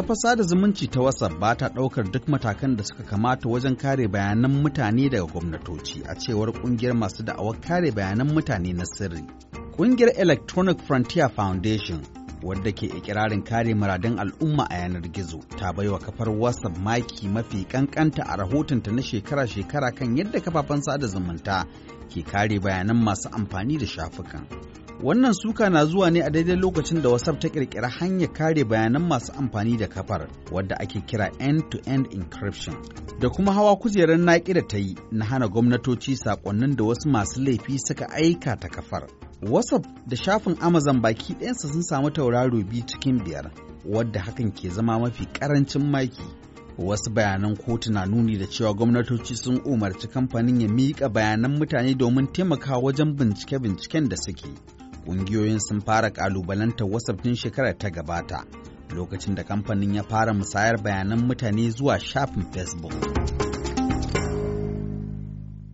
Kafar sada zumunci ta WhatsApp ba ta ɗaukar duk matakan da suka kamata wajen kare bayanan mutane daga gwamnatoci a cewar ƙungiyar masu da'awar kare bayanan mutane na sirri. Ƙungiyar Electronic Frontier Foundation wadda ke ikirarin kare muradin al'umma a yanar gizo ta baiwa kafar WhatsApp maki mafi kankanta a rahotonta na shekara-shekara kan yadda kafafen sada zumunta ke kare bayanan masu amfani da shafukan. Wannan suka na zuwa ne a daidai lokacin da WhatsApp ta kirkira hanyar kare bayanan masu amfani da kafar wadda ake kira end-to-end encryption da kuma hawa kujerar naƙi da ta yi na hana gwamnatoci saƙonnin da wasu masu laifi suka aika ta kafar. WhatsApp da shafin Amazon baki ɗayansa sun samu tauraro biyu cikin biyar wadda hakan ke zama mafi ƙarancin maki. wasu bayanan kotu na nuni da cewa gwamnatoci sun umarci kamfanin ya miƙa bayanan mutane domin taimakawa wajen bincike-binciken da suke ƙungiyoyin sun fara ƙalubalantar WhatsApp tun shekarar ta gabata lokacin da kamfanin ya fara musayar bayanan mutane zuwa shafin Facebook.